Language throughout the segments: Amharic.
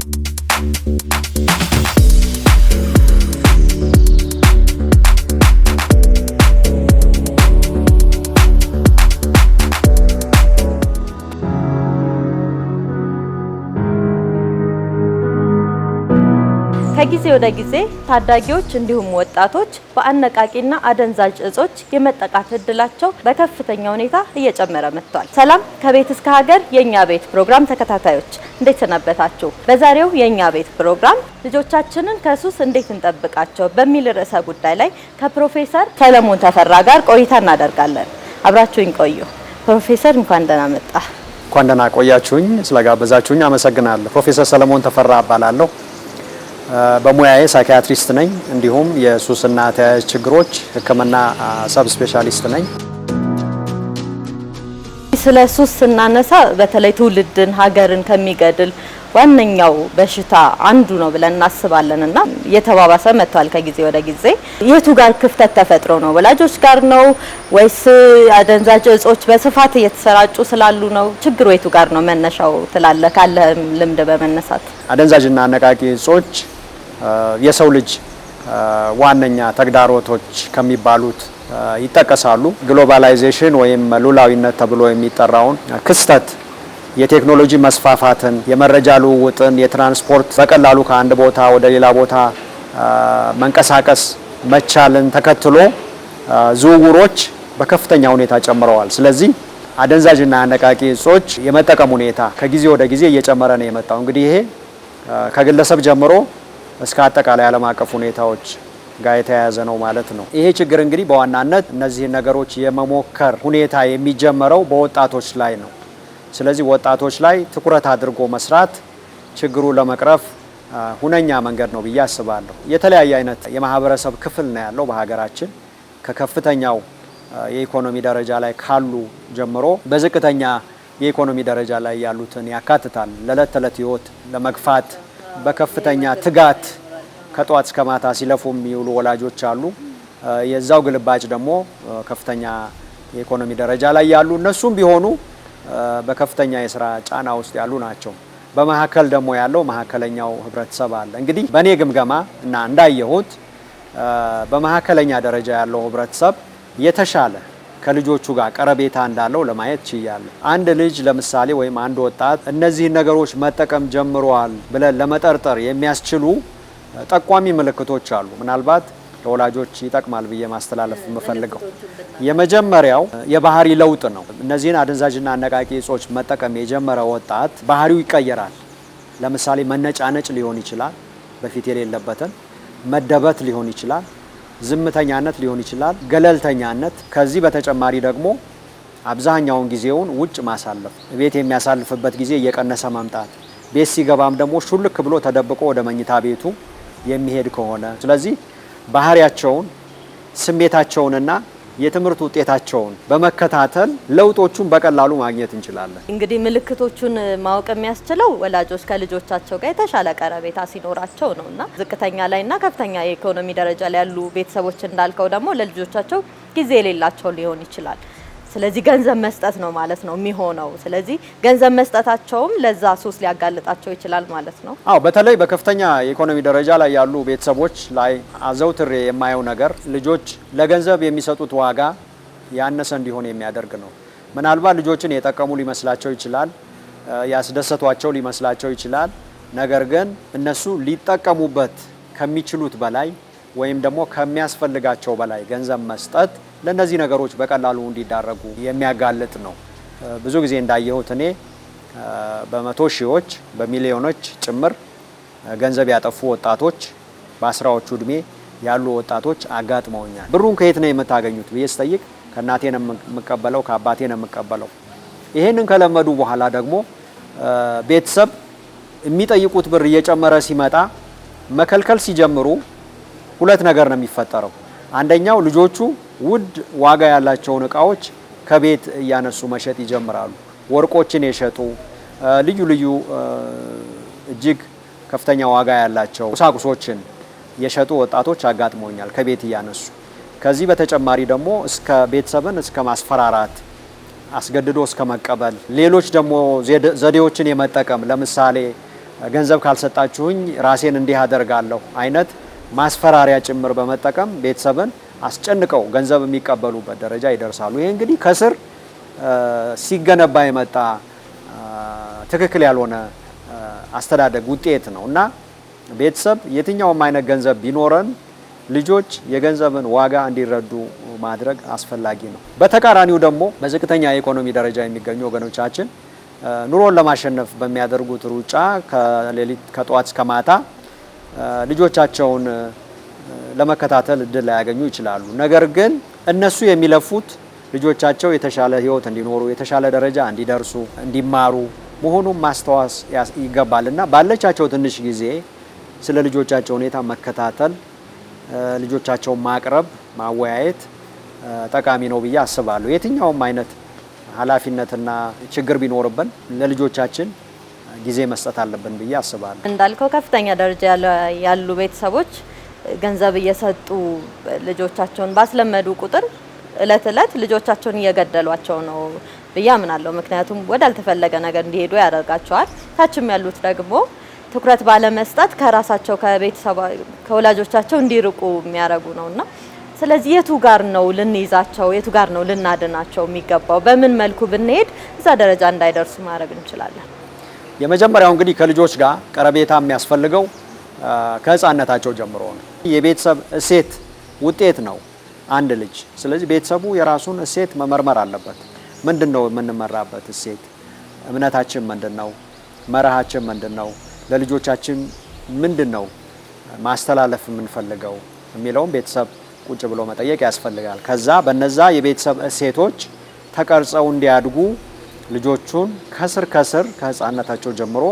thank you ወደ ጊዜ ታዳጊዎች እንዲሁም ወጣቶች በአነቃቂና አደንዛዥ እጾች የመጠቃት እድላቸው በከፍተኛ ሁኔታ እየጨመረ መጥቷል። ሰላም ከቤት እስከ ሀገር የእኛ ቤት ፕሮግራም ተከታታዮች እንዴት ሰነበታችሁ? በዛሬው የእኛ ቤት ፕሮግራም ልጆቻችንን ከሱስ እንዴት እንጠብቃቸው በሚል ርዕሰ ጉዳይ ላይ ከፕሮፌሰር ሰለሞን ተፈራ ጋር ቆይታ እናደርጋለን። አብራችሁኝ ቆዩ። ፕሮፌሰር እንኳን ደህና መጣ። እንኳን ደህና ቆያችሁኝ። ስለጋበዛችሁኝ አመሰግናለሁ። ፕሮፌሰር ሰለሞን ተፈራ እባላለሁ። በሙያዬ ሳይካያትሪስት ነኝ። እንዲሁም የሱስና ተያያዥ ችግሮች ሕክምና ሰብ ስፔሻሊስት ነኝ። ስለ ሱስ ስናነሳ በተለይ ትውልድን ሀገርን ከሚገድል ዋነኛው በሽታ አንዱ ነው ብለን እናስባለን እና እየተባባሰ መጥቷል ከጊዜ ወደ ጊዜ። የቱ ጋር ክፍተት ተፈጥሮ ነው? ወላጆች ጋር ነው ወይስ አደንዛዥ እጾች በስፋት እየተሰራጩ ስላሉ ነው? ችግሩ የቱ ጋር ነው መነሻው ትላለ? ካለ ልምድ በመነሳት አደንዛዥና አነቃቂ እጾች የሰው ልጅ ዋነኛ ተግዳሮቶች ከሚባሉት ይጠቀሳሉ። ግሎባላይዜሽን ወይም ሉላዊነት ተብሎ የሚጠራውን ክስተት የቴክኖሎጂ መስፋፋትን፣ የመረጃ ልውውጥን፣ የትራንስፖርት በቀላሉ ከአንድ ቦታ ወደ ሌላ ቦታ መንቀሳቀስ መቻልን ተከትሎ ዝውውሮች በከፍተኛ ሁኔታ ጨምረዋል። ስለዚህ አደንዛዥና አነቃቂ እጾች የመጠቀም ሁኔታ ከጊዜ ወደ ጊዜ እየጨመረ ነው የመጣው። እንግዲህ ይሄ ከግለሰብ ጀምሮ እስከ አጠቃላይ ዓለም አቀፍ ሁኔታዎች ጋር የተያያዘ ነው ማለት ነው። ይሄ ችግር እንግዲህ በዋናነት እነዚህን ነገሮች የመሞከር ሁኔታ የሚጀመረው በወጣቶች ላይ ነው። ስለዚህ ወጣቶች ላይ ትኩረት አድርጎ መስራት ችግሩ ለመቅረፍ ሁነኛ መንገድ ነው ብዬ አስባለሁ። የተለያየ አይነት የማህበረሰብ ክፍል ነው ያለው በሀገራችን ከከፍተኛው የኢኮኖሚ ደረጃ ላይ ካሉ ጀምሮ በዝቅተኛ የኢኮኖሚ ደረጃ ላይ ያሉትን ያካትታል። ለዕለት ተዕለት ህይወት ለመግፋት በከፍተኛ ትጋት ከጠዋት እስከ ማታ ሲለፉ የሚውሉ ወላጆች አሉ። የዛው ግልባጭ ደግሞ ከፍተኛ የኢኮኖሚ ደረጃ ላይ ያሉ እነሱም ቢሆኑ በከፍተኛ የስራ ጫና ውስጥ ያሉ ናቸው። በመካከል ደግሞ ያለው መካከለኛው ህብረተሰብ አለ። እንግዲህ በእኔ ግምገማ እና እንዳየሁት በመካከለኛ ደረጃ ያለው ህብረተሰብ የተሻለ ከልጆቹ ጋር ቀረቤታ እንዳለው ለማየት ችያለሁ። አንድ ልጅ ለምሳሌ ወይም አንድ ወጣት እነዚህን ነገሮች መጠቀም ጀምረዋል ብለን ለመጠርጠር የሚያስችሉ ጠቋሚ ምልክቶች አሉ። ምናልባት ለወላጆች ይጠቅማል ብዬ ማስተላለፍ የምፈልገው የመጀመሪያው የባህሪ ለውጥ ነው። እነዚህን አደንዛዥና አነቃቂ እጾች መጠቀም የጀመረ ወጣት ባህሪው ይቀየራል። ለምሳሌ መነጫነጭ ሊሆን ይችላል፣ በፊት የሌለበትን መደበት ሊሆን ይችላል፣ ዝምተኛነት ሊሆን ይችላል፣ ገለልተኛነት። ከዚህ በተጨማሪ ደግሞ አብዛኛውን ጊዜውን ውጭ ማሳለፍ፣ ቤት የሚያሳልፍበት ጊዜ እየቀነሰ መምጣት፣ ቤት ሲገባም ደግሞ ሹልክ ብሎ ተደብቆ ወደ መኝታ ቤቱ የሚሄድ ከሆነ ስለዚህ ባህሪያቸውን፣ ስሜታቸውንና የትምህርት ውጤታቸውን በመከታተል ለውጦቹን በቀላሉ ማግኘት እንችላለን። እንግዲህ ምልክቶቹን ማወቅ የሚያስችለው ወላጆች ከልጆቻቸው ጋር የተሻለ ቀረቤታ ሲኖራቸው ነው እና ዝቅተኛ ላይና ከፍተኛ የኢኮኖሚ ደረጃ ላይ ያሉ ቤተሰቦች እንዳልከው ደግሞ ለልጆቻቸው ጊዜ የሌላቸው ሊሆን ይችላል። ስለዚህ ገንዘብ መስጠት ነው ማለት ነው የሚሆነው። ስለዚህ ገንዘብ መስጠታቸውም ለዛ ሱስ ሊያጋልጣቸው ይችላል ማለት ነው። አዎ በተለይ በከፍተኛ የኢኮኖሚ ደረጃ ላይ ያሉ ቤተሰቦች ላይ አዘውትሬ የማየው ነገር ልጆች ለገንዘብ የሚሰጡት ዋጋ ያነሰ እንዲሆን የሚያደርግ ነው። ምናልባት ልጆችን የጠቀሙ ሊመስላቸው ይችላል፣ ያስደሰቷቸው ሊመስላቸው ይችላል። ነገር ግን እነሱ ሊጠቀሙበት ከሚችሉት በላይ ወይም ደግሞ ከሚያስፈልጋቸው በላይ ገንዘብ መስጠት ለእነዚህ ነገሮች በቀላሉ እንዲዳረጉ የሚያጋልጥ ነው። ብዙ ጊዜ እንዳየሁት እኔ በመቶ ሺዎች በሚሊዮኖች ጭምር ገንዘብ ያጠፉ ወጣቶች በአስራዎቹ እድሜ ያሉ ወጣቶች አጋጥመውኛል። ብሩን ከየት ነው የምታገኙት ብዬ ስጠይቅ ከእናቴ ነው የምቀበለው፣ ከአባቴ ነው የምቀበለው። ይሄንን ከለመዱ በኋላ ደግሞ ቤተሰብ የሚጠይቁት ብር እየጨመረ ሲመጣ መከልከል ሲጀምሩ ሁለት ነገር ነው የሚፈጠረው። አንደኛው ልጆቹ ውድ ዋጋ ያላቸውን እቃዎች ከቤት እያነሱ መሸጥ ይጀምራሉ። ወርቆችን የሸጡ ልዩ ልዩ እጅግ ከፍተኛ ዋጋ ያላቸው ቁሳቁሶችን የሸጡ ወጣቶች አጋጥመኛል ከቤት እያነሱ። ከዚህ በተጨማሪ ደግሞ እስከ ቤተሰብን እስከ ማስፈራራት አስገድዶ እስከ መቀበል፣ ሌሎች ደግሞ ዘዴዎችን የመጠቀም ለምሳሌ ገንዘብ ካልሰጣችሁኝ ራሴን እንዲህ አደርጋለሁ አይነት ማስፈራሪያ ጭምር በመጠቀም ቤተሰብን አስጨንቀው ገንዘብ የሚቀበሉበት ደረጃ ይደርሳሉ። ይሄ እንግዲህ ከስር ሲገነባ የመጣ ትክክል ያልሆነ አስተዳደግ ውጤት ነው እና ቤተሰብ የትኛውም አይነት ገንዘብ ቢኖረን ልጆች የገንዘብን ዋጋ እንዲረዱ ማድረግ አስፈላጊ ነው። በተቃራኒው ደግሞ በዝቅተኛ የኢኮኖሚ ደረጃ የሚገኙ ወገኖቻችን ኑሮን ለማሸነፍ በሚያደርጉት ሩጫ ከሌሊት ከጠዋት እስከ ማታ ልጆቻቸውን ለመከታተል እድል ላያገኙ ይችላሉ። ነገር ግን እነሱ የሚለፉት ልጆቻቸው የተሻለ ህይወት እንዲኖሩ፣ የተሻለ ደረጃ እንዲደርሱ፣ እንዲማሩ መሆኑን ማስታወስ ይገባል እና ባለቻቸው ትንሽ ጊዜ ስለ ልጆቻቸው ሁኔታ መከታተል፣ ልጆቻቸውን ማቅረብ፣ ማወያየት ጠቃሚ ነው ብዬ አስባለሁ። የትኛውም አይነት ኃላፊነትና ችግር ቢኖርብን ለልጆቻችን ጊዜ መስጠት አለብን ብዬ አስባለሁ። እንዳልከው ከፍተኛ ደረጃ ያሉ ቤተሰቦች ገንዘብ እየሰጡ ልጆቻቸውን ባስለመዱ ቁጥር እለት እለት ልጆቻቸውን እየገደሏቸው ነው ብዬ አምናለሁ። ምክንያቱም ወዳልተፈለገ ነገር እንዲሄዱ ያደርጋቸዋል። ታችም ያሉት ደግሞ ትኩረት ባለመስጠት ከራሳቸው ከቤተሰባ ከወላጆቻቸው እንዲርቁ የሚያደርጉ ነውና ስለዚህ የቱ ጋር ነው ልንይዛቸው፣ የቱ ጋር ነው ልናድናቸው የሚገባው? በምን መልኩ ብንሄድ እዛ ደረጃ እንዳይደርሱ ማድረግ እንችላለን? የመጀመሪያው እንግዲህ ከልጆች ጋር ቀረቤታ የሚያስፈልገው ከህፃነታቸው ጀምሮ ነው። የቤተሰብ እሴት ውጤት ነው አንድ ልጅ። ስለዚህ ቤተሰቡ የራሱን እሴት መመርመር አለበት። ምንድን ነው የምንመራበት እሴት? እምነታችን ምንድን ነው? መርሃችን ምንድን ነው? ለልጆቻችን ምንድን ነው ማስተላለፍ የምንፈልገው የሚለውም ቤተሰብ ቁጭ ብሎ መጠየቅ ያስፈልጋል። ከዛ በነዛ የቤተሰብ እሴቶች ተቀርጸው እንዲያድጉ ልጆቹን ከስር ከስር ከህፃነታቸው ጀምሮ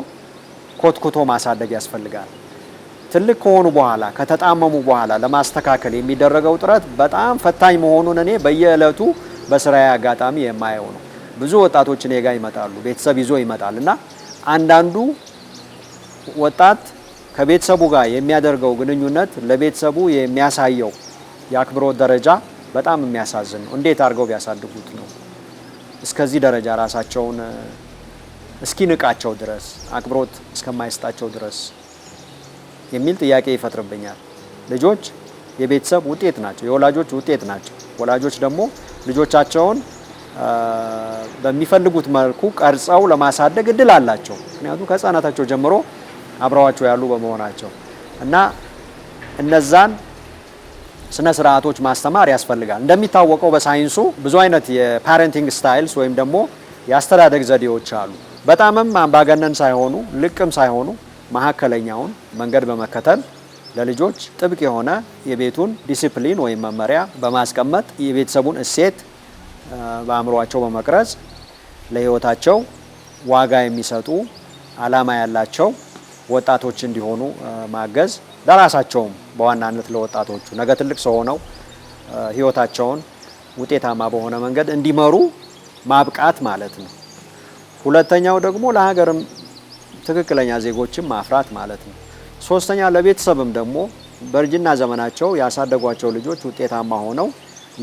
ኮትኩቶ ማሳደግ ያስፈልጋል። ትልቅ ከሆኑ በኋላ ከተጣመሙ በኋላ ለማስተካከል የሚደረገው ጥረት በጣም ፈታኝ መሆኑን እኔ በየዕለቱ በስራዬ አጋጣሚ የማየው ነው። ብዙ ወጣቶች እኔ ጋ ይመጣሉ፣ ቤተሰብ ይዞ ይመጣል እና አንዳንዱ ወጣት ከቤተሰቡ ጋር የሚያደርገው ግንኙነት ለቤተሰቡ የሚያሳየው የአክብሮት ደረጃ በጣም የሚያሳዝን ነው። እንዴት አድርገው ቢያሳድጉት ነው እስከዚህ ደረጃ ራሳቸውን እስኪንቃቸው ድረስ አክብሮት እስከማይሰጣቸው ድረስ የሚል ጥያቄ ይፈጥርብኛል። ልጆች የቤተሰብ ውጤት ናቸው፣ የወላጆች ውጤት ናቸው። ወላጆች ደግሞ ልጆቻቸውን በሚፈልጉት መልኩ ቀርጸው ለማሳደግ እድል አላቸው። ምክንያቱም ከህፃናታቸው ጀምሮ አብረዋቸው ያሉ በመሆናቸው እና እነዛን ስነ ስርዓቶች ማስተማር ያስፈልጋል። እንደሚታወቀው በሳይንሱ ብዙ አይነት የፓረንቲንግ ስታይልስ ወይም ደግሞ የአስተዳደግ ዘዴዎች አሉ። በጣምም አምባገነን ሳይሆኑ ልቅም ሳይሆኑ መካከለኛውን መንገድ በመከተል ለልጆች ጥብቅ የሆነ የቤቱን ዲሲፕሊን ወይም መመሪያ በማስቀመጥ የቤተሰቡን እሴት በአእምሯቸው በመቅረጽ ለሕይወታቸው ዋጋ የሚሰጡ ዓላማ ያላቸው ወጣቶች እንዲሆኑ ማገዝ ለራሳቸውም በዋናነት ለወጣቶቹ ነገ ትልቅ ሰው ሆነው ሕይወታቸውን ውጤታማ በሆነ መንገድ እንዲመሩ ማብቃት ማለት ነው። ሁለተኛው ደግሞ ለሀገርም ትክክለኛ ዜጎችን ማፍራት ማለት ነው። ሶስተኛ ለቤተሰብም ደግሞ በእርጅና ዘመናቸው ያሳደጓቸው ልጆች ውጤታማ ሆነው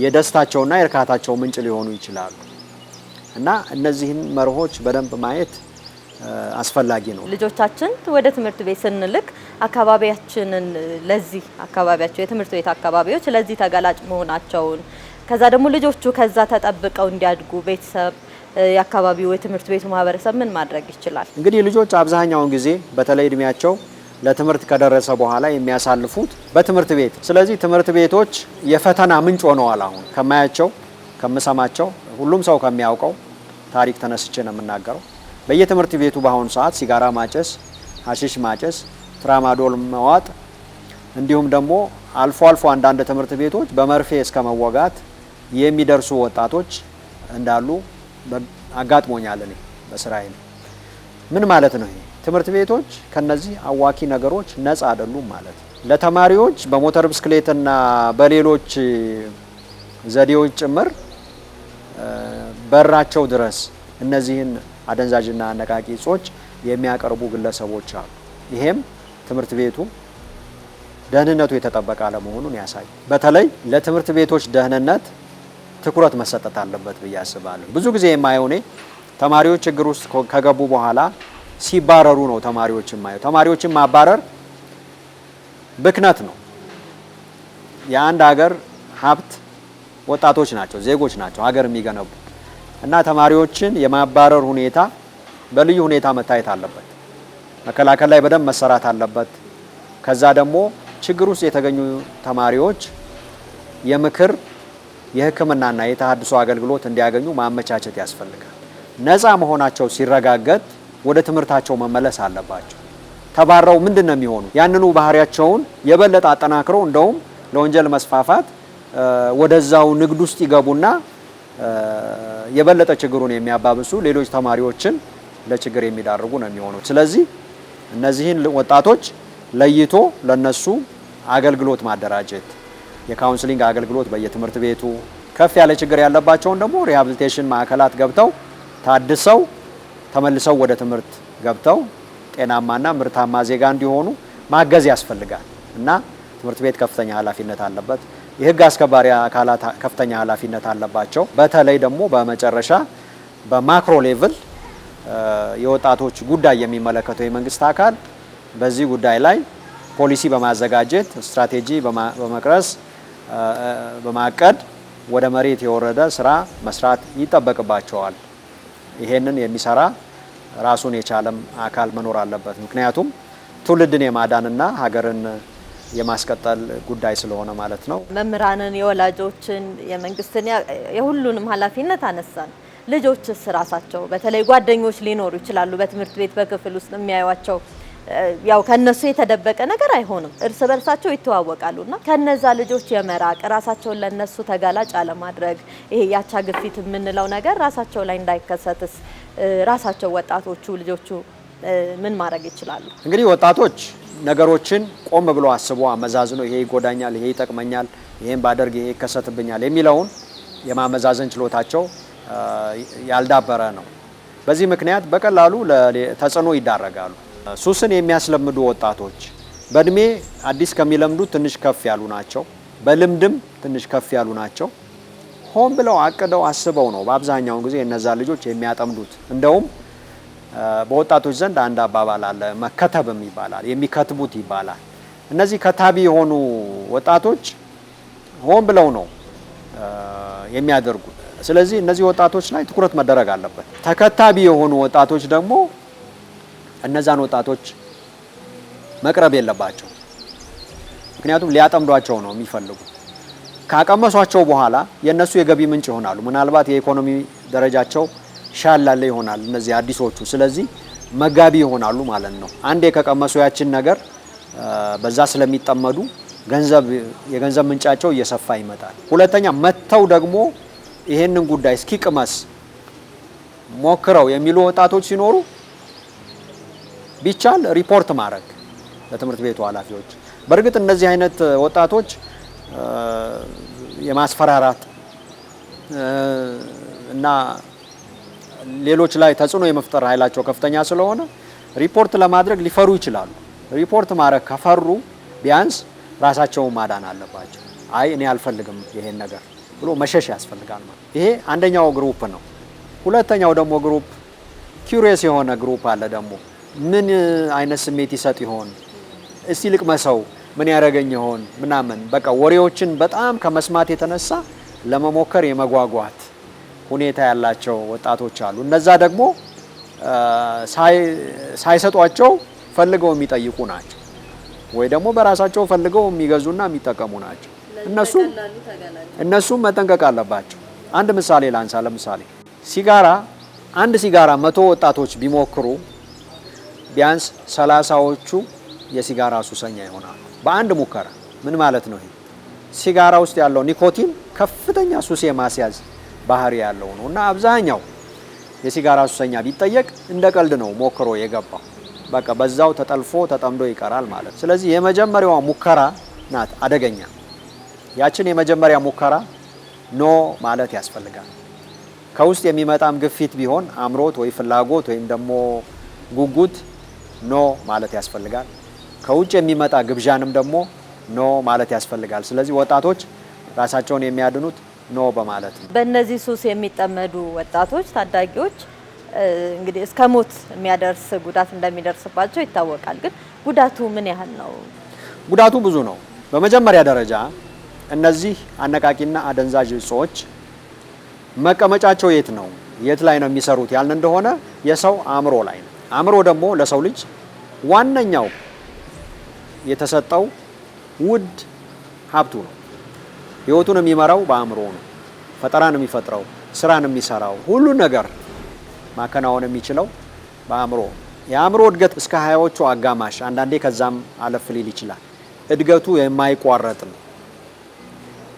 የደስታቸውና የእርካታቸው ምንጭ ሊሆኑ ይችላሉ እና እነዚህን መርሆች በደንብ ማየት አስፈላጊ ነው። ልጆቻችን ወደ ትምህርት ቤት ስንልክ አካባቢያችንን ለዚህ አካባቢያቸው የትምህርት ቤት አካባቢዎች ለዚህ ተጋላጭ መሆናቸውን ከዛ ደግሞ ልጆቹ ከዛ ተጠብቀው እንዲያድጉ ቤተሰብ የአካባቢው የትምህርት ቤቱ ማህበረሰብ ምን ማድረግ ይችላል? እንግዲህ ልጆች አብዛኛውን ጊዜ በተለይ እድሜያቸው ለትምህርት ከደረሰ በኋላ የሚያሳልፉት በትምህርት ቤት። ስለዚህ ትምህርት ቤቶች የፈተና ምንጭ ሆነዋል። አሁን ከማያቸው ከምሰማቸው፣ ሁሉም ሰው ከሚያውቀው ታሪክ ተነስቼ ነው የምናገረው። በየትምህርት ቤቱ በአሁኑ ሰዓት ሲጋራ ማጨስ፣ ሀሺሽ ማጨስ፣ ትራማዶል መዋጥ እንዲሁም ደግሞ አልፎ አልፎ አንዳንድ ትምህርት ቤቶች በመርፌ እስከ መወጋት የሚደርሱ ወጣቶች እንዳሉ አጋጥሞኛል እኔ በስራዬ። ምን ማለት ነው? ትምህርት ቤቶች ከነዚህ አዋኪ ነገሮች ነጻ አይደሉም ማለት ነው። ለተማሪዎች በሞተር ብስክሌትና በሌሎች ዘዴዎች ጭምር በራቸው ድረስ እነዚህን አደንዛዥና አነቃቂ እጾች የሚያቀርቡ ግለሰቦች አሉ። ይሄም ትምህርት ቤቱ ደህንነቱ የተጠበቀ አለመሆኑን ያሳይ። በተለይ ለትምህርት ቤቶች ደህንነት ትኩረት መሰጠት አለበት ብዬ አስባለሁ። ብዙ ጊዜ የማየው እኔ ተማሪዎች ችግር ውስጥ ከገቡ በኋላ ሲባረሩ ነው ተማሪዎች የማየው። ተማሪዎችን ማባረር ብክነት ነው። የአንድ ሀገር ሀብት ወጣቶች ናቸው፣ ዜጎች ናቸው ሀገር የሚገነቡ እና ተማሪዎችን የማባረር ሁኔታ በልዩ ሁኔታ መታየት አለበት። መከላከል ላይ በደንብ መሰራት አለበት። ከዛ ደግሞ ችግር ውስጥ የተገኙ ተማሪዎች የምክር የህክምናና የተሃድሶ አገልግሎት እንዲያገኙ ማመቻቸት ያስፈልጋል። ነፃ መሆናቸው ሲረጋገጥ ወደ ትምህርታቸው መመለስ አለባቸው። ተባረው ምንድን ነው የሚሆኑ? ያንኑ ባህሪያቸውን የበለጠ አጠናክረው እንደውም ለወንጀል መስፋፋት ወደዛው ንግድ ውስጥ ይገቡና የበለጠ ችግሩን የሚያባብሱ ሌሎች ተማሪዎችን ለችግር የሚዳርጉ ነው የሚሆኑት። ስለዚህ እነዚህን ወጣቶች ለይቶ ለነሱ አገልግሎት ማደራጀት የካውንስሊንግ አገልግሎት በየትምህርት ቤቱ ከፍ ያለ ችግር ያለባቸውን ደግሞ ሪሃብሊቴሽን ማዕከላት ገብተው ታድሰው ተመልሰው ወደ ትምህርት ገብተው ጤናማና ምርታማ ዜጋ እንዲሆኑ ማገዝ ያስፈልጋል እና ትምህርት ቤት ከፍተኛ ኃላፊነት አለበት። የህግ አስከባሪ አካላት ከፍተኛ ኃላፊነት አለባቸው። በተለይ ደግሞ በመጨረሻ በማክሮ ሌቭል የወጣቶች ጉዳይ የሚመለከተው የመንግስት አካል በዚህ ጉዳይ ላይ ፖሊሲ በማዘጋጀት ስትራቴጂ በመቅረስ በማቀድ ወደ መሬት የወረደ ስራ መስራት ይጠበቅባቸዋል። ይሄንን የሚሰራ ራሱን የቻለም አካል መኖር አለበት። ምክንያቱም ትውልድን የማዳንና ሀገርን የማስቀጠል ጉዳይ ስለሆነ ማለት ነው። መምህራንን፣ የወላጆችን፣ የመንግስትን የሁሉንም ኃላፊነት አነሳን። ልጆችስ ራሳቸው በተለይ ጓደኞች ሊኖሩ ይችላሉ። በትምህርት ቤት በክፍል ውስጥ የሚያዩቸው ያው ከነሱ የተደበቀ ነገር አይሆንም። እርስ በርሳቸው ይተዋወቃሉና ከነዛ ልጆች የመራቅ ራሳቸውን ለነሱ ተጋላጭ አለማድረግ፣ ይሄ ያቻ ግፊት የምንለው ነገር ራሳቸው ላይ እንዳይከሰትስ ራሳቸው ወጣቶቹ ልጆቹ ምን ማድረግ ይችላሉ? እንግዲህ ወጣቶች ነገሮችን ቆም ብሎ አስቦ አመዛዝኖ ይሄ ይጎዳኛል፣ ይሄ ይጠቅመኛል፣ ይሄን ባደርግ ይሄ ይከሰትብኛል የሚለውን የማመዛዘን ችሎታቸው ያልዳበረ ነው። በዚህ ምክንያት በቀላሉ ተጽዕኖ ይዳረጋሉ። ሱስን የሚያስለምዱ ወጣቶች በእድሜ አዲስ ከሚለምዱ ትንሽ ከፍ ያሉ ናቸው። በልምድም ትንሽ ከፍ ያሉ ናቸው። ሆን ብለው አቅደው አስበው ነው በአብዛኛውን ጊዜ እነዛ ልጆች የሚያጠምዱት። እንደውም በወጣቶች ዘንድ አንድ አባባል አለ፣ መከተብም ይባላል፣ የሚከትቡት ይባላል። እነዚህ ከታቢ የሆኑ ወጣቶች ሆን ብለው ነው የሚያደርጉት። ስለዚህ እነዚህ ወጣቶች ላይ ትኩረት መደረግ አለበት። ተከታቢ የሆኑ ወጣቶች ደግሞ እነዛን ወጣቶች መቅረብ የለባቸው። ምክንያቱም ሊያጠምዷቸው ነው የሚፈልጉ። ካቀመሷቸው በኋላ የእነሱ የገቢ ምንጭ ይሆናሉ። ምናልባት የኢኮኖሚ ደረጃቸው ሻላለ ይሆናል እነዚህ አዲሶቹ። ስለዚህ መጋቢ ይሆናሉ ማለት ነው። አንዴ ከቀመሱ ያችን ነገር በዛ ስለሚጠመዱ ገንዘብ የገንዘብ ምንጫቸው እየሰፋ ይመጣል። ሁለተኛ መጥተው ደግሞ ይሄንን ጉዳይ እስኪ ቅመስ ሞክረው የሚሉ ወጣቶች ሲኖሩ ቢቻል ሪፖርት ማድረግ ለትምህርት ቤቱ ኃላፊዎች። በእርግጥ እነዚህ አይነት ወጣቶች የማስፈራራት እና ሌሎች ላይ ተጽዕኖ የመፍጠር ኃይላቸው ከፍተኛ ስለሆነ ሪፖርት ለማድረግ ሊፈሩ ይችላሉ። ሪፖርት ማድረግ ከፈሩ ቢያንስ ራሳቸውን ማዳን አለባቸው። አይ እኔ አልፈልግም ይሄን ነገር ብሎ መሸሽ ያስፈልጋል ማለት ይሄ አንደኛው ግሩፕ ነው። ሁለተኛው ደግሞ ግሩፕ ኪሪየስ የሆነ ግሩፕ አለ ደግሞ ምን አይነት ስሜት ይሰጥ ይሆን? እስቲ ልቅመሰው፣ ምን ያደረገኝ ይሆን ምናምን። በቃ ወሬዎችን በጣም ከመስማት የተነሳ ለመሞከር የመጓጓት ሁኔታ ያላቸው ወጣቶች አሉ። እነዛ ደግሞ ሳይሰጧቸው ፈልገው የሚጠይቁ ናቸው፣ ወይ ደግሞ በራሳቸው ፈልገው የሚገዙና የሚጠቀሙ ናቸው። እነሱም እነሱም መጠንቀቅ አለባቸው። አንድ ምሳሌ ላንሳ። ለምሳሌ ሲጋራ፣ አንድ ሲጋራ መቶ ወጣቶች ቢሞክሩ ቢያንስ ሰላሳዎቹ የሲጋራ ሱሰኛ ይሆናሉ በአንድ ሙከራ። ምን ማለት ነው? ይሄ ሲጋራ ውስጥ ያለው ኒኮቲን ከፍተኛ ሱስ የማስያዝ ባህሪ ያለው ነው እና አብዛኛው የሲጋራ ሱሰኛ ቢጠየቅ እንደ ቀልድ ነው ሞክሮ የገባው። በቃ በዛው ተጠልፎ ተጠምዶ ይቀራል ማለት። ስለዚህ የመጀመሪያዋ ሙከራ ናት አደገኛ። ያችን የመጀመሪያ ሙከራ ኖ ማለት ያስፈልጋል። ከውስጥ የሚመጣም ግፊት ቢሆን አምሮት ወይ ፍላጎት ወይም ደግሞ ጉጉት ኖ ማለት ያስፈልጋል። ከውጭ የሚመጣ ግብዣንም ደግሞ ኖ ማለት ያስፈልጋል። ስለዚህ ወጣቶች ራሳቸውን የሚያድኑት ኖ በማለት ነው። በእነዚህ ሱስ የሚጠመዱ ወጣቶች፣ ታዳጊዎች እንግዲህ እስከ ሞት የሚያደርስ ጉዳት እንደሚደርስባቸው ይታወቃል። ግን ጉዳቱ ምን ያህል ነው? ጉዳቱ ብዙ ነው። በመጀመሪያ ደረጃ እነዚህ አነቃቂና አደንዛዥ እጾች መቀመጫቸው የት ነው? የት ላይ ነው የሚሰሩት? ያልን እንደሆነ የሰው አእምሮ ላይ ነው። አእምሮ ደግሞ ለሰው ልጅ ዋነኛው የተሰጠው ውድ ሀብቱ ነው። ህይወቱን የሚመራው በአእምሮ ነው። ፈጠራን የሚፈጥረው፣ ስራን የሚሰራው፣ ሁሉን ነገር ማከናወን የሚችለው በአእምሮ የአእምሮ እድገት እስከ ሀያዎቹ አጋማሽ አንዳንዴ ከዛም አለፍ ሊል ይችላል። እድገቱ የማይቋረጥ ነው።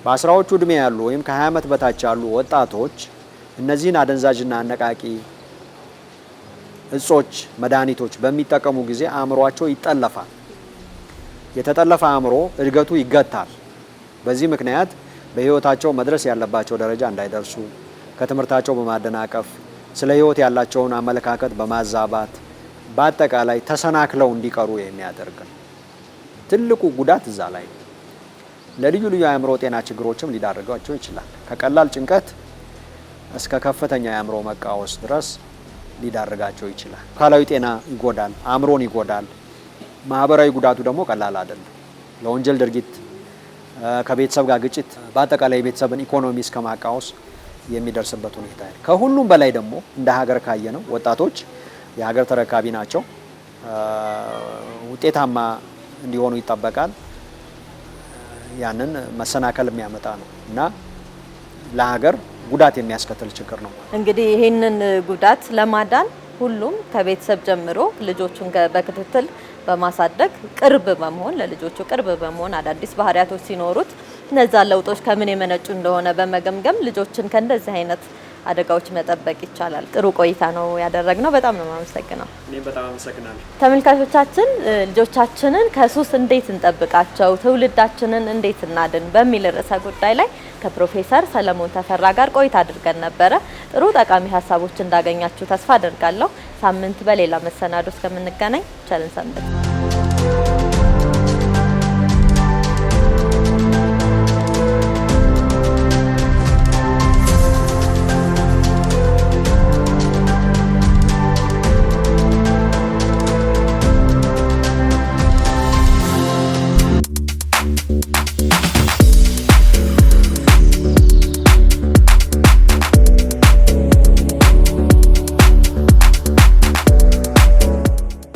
በአስራዎቹ እድሜ ያሉ ወይም ከ20 ዓመት በታች ያሉ ወጣቶች እነዚህን አደንዛዥና አነቃቂ እጾች፣ መድኃኒቶች በሚጠቀሙ ጊዜ አእምሯቸው ይጠለፋል። የተጠለፈ አእምሮ እድገቱ ይገታል። በዚህ ምክንያት በህይወታቸው መድረስ ያለባቸው ደረጃ እንዳይደርሱ ከትምህርታቸው በማደናቀፍ ስለ ህይወት ያላቸውን አመለካከት በማዛባት በአጠቃላይ ተሰናክለው እንዲቀሩ የሚያደርግ ነው። ትልቁ ጉዳት እዛ ላይ ለልዩ ልዩ የአእምሮ ጤና ችግሮችም ሊዳርጋቸው ይችላል። ከቀላል ጭንቀት እስከ ከፍተኛ የአእምሮ መቃወስ ድረስ ሊዳርጋቸው ይችላል። አካላዊ ጤና ይጎዳል፣ አእምሮን ይጎዳል። ማህበራዊ ጉዳቱ ደግሞ ቀላል አይደለም። ለወንጀል ድርጊት፣ ከቤተሰብ ጋር ግጭት፣ በአጠቃላይ የቤተሰብን ኢኮኖሚ እስከ ማቃወስ የሚደርስበት ሁኔታ ያለ። ከሁሉም በላይ ደግሞ እንደ ሀገር ካየ ነው ወጣቶች የሀገር ተረካቢ ናቸው። ውጤታማ እንዲሆኑ ይጠበቃል። ያንን መሰናከል የሚያመጣ ነው እና ለሀገር ጉዳት የሚያስከትል ችግር ነው። እንግዲህ ይህንን ጉዳት ለማዳን ሁሉም ከቤተሰብ ጀምሮ ልጆቹን በክትትል በማሳደግ ቅርብ በመሆን ለልጆቹ ቅርብ በመሆን አዳዲስ ባህሪያቶች ሲኖሩት እነዛ ለውጦች ከምን የመነጩ እንደሆነ በመገምገም ልጆችን ከእንደዚህ አይነት አደጋዎች መጠበቅ ይቻላል። ጥሩ ቆይታ ነው ያደረግነው። በጣም ነው የማመሰግነው። እኔም በጣም አመሰግናለሁ። ተመልካቾቻችን ልጆቻችንን ከሱስ እንዴት እንጠብቃቸው፣ ትውልዳችንን እንዴት እናድን በሚል ርዕሰ ጉዳይ ላይ ከፕሮፌሰር ሰለሞን ተፈራ ጋር ቆይታ አድርገን ነበረ። ጥሩ ጠቃሚ ሀሳቦች እንዳገኛችሁ ተስፋ አድርጋለሁ። ሳምንት በሌላ መሰናዶ እስከምንገናኝ ቸርን ሰንብት።